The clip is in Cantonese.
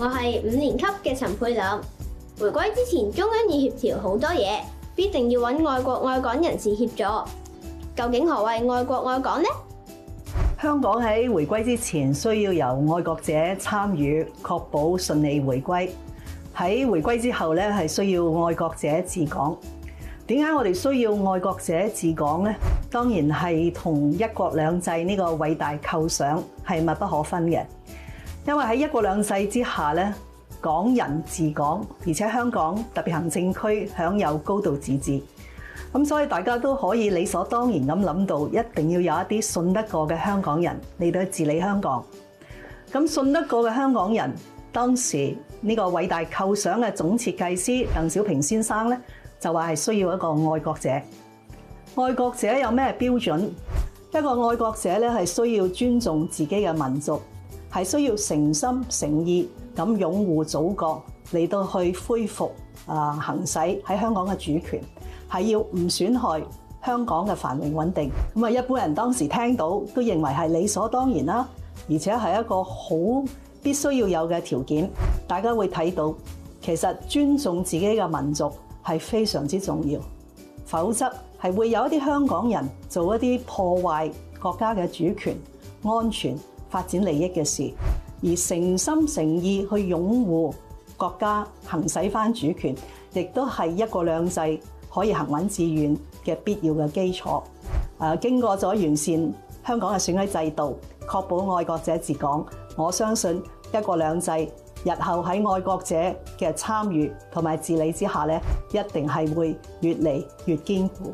我係五年級嘅陳沛琳。回歸之前，中央要協調好多嘢，必定要揾愛國愛港人士協助。究竟何謂愛國愛港呢？香港喺回歸之前，需要由愛國者參與，確保順利回歸。喺回歸之後咧，係需要愛國者治港。點解我哋需要愛國者治港呢？當然係同一國兩制呢個偉大構想係密不可分嘅。因為喺一國兩制之下咧，港人治港，而且香港特別行政區享有高度自治，咁所以大家都可以理所當然咁諗到，一定要有一啲信得過嘅香港人嚟到治理香港。咁信得過嘅香港人，當時呢個偉大構想嘅總設計師鄧小平先生咧，就話係需要一個愛國者。愛國者有咩標準？一個愛國者咧，係需要尊重自己嘅民族。係需要誠心誠意咁擁護祖國嚟到去恢復啊、呃，行使喺香港嘅主權，係要唔損害香港嘅繁榮穩定。咁啊，一般人當時聽到都認為係理所當然啦，而且係一個好必須要有嘅條件。大家會睇到，其實尊重自己嘅民族係非常之重要，否則係會有一啲香港人做一啲破壞國家嘅主權安全。發展利益嘅事，而誠心誠意去擁護國家，行使翻主權，亦都係一國兩制可以行穩致遠嘅必要嘅基礎。誒、啊，經過咗完善香港嘅選舉制度，確保愛國者治港，我相信一國兩制，日後喺愛國者嘅參與同埋治理之下咧，一定係會越嚟越堅固。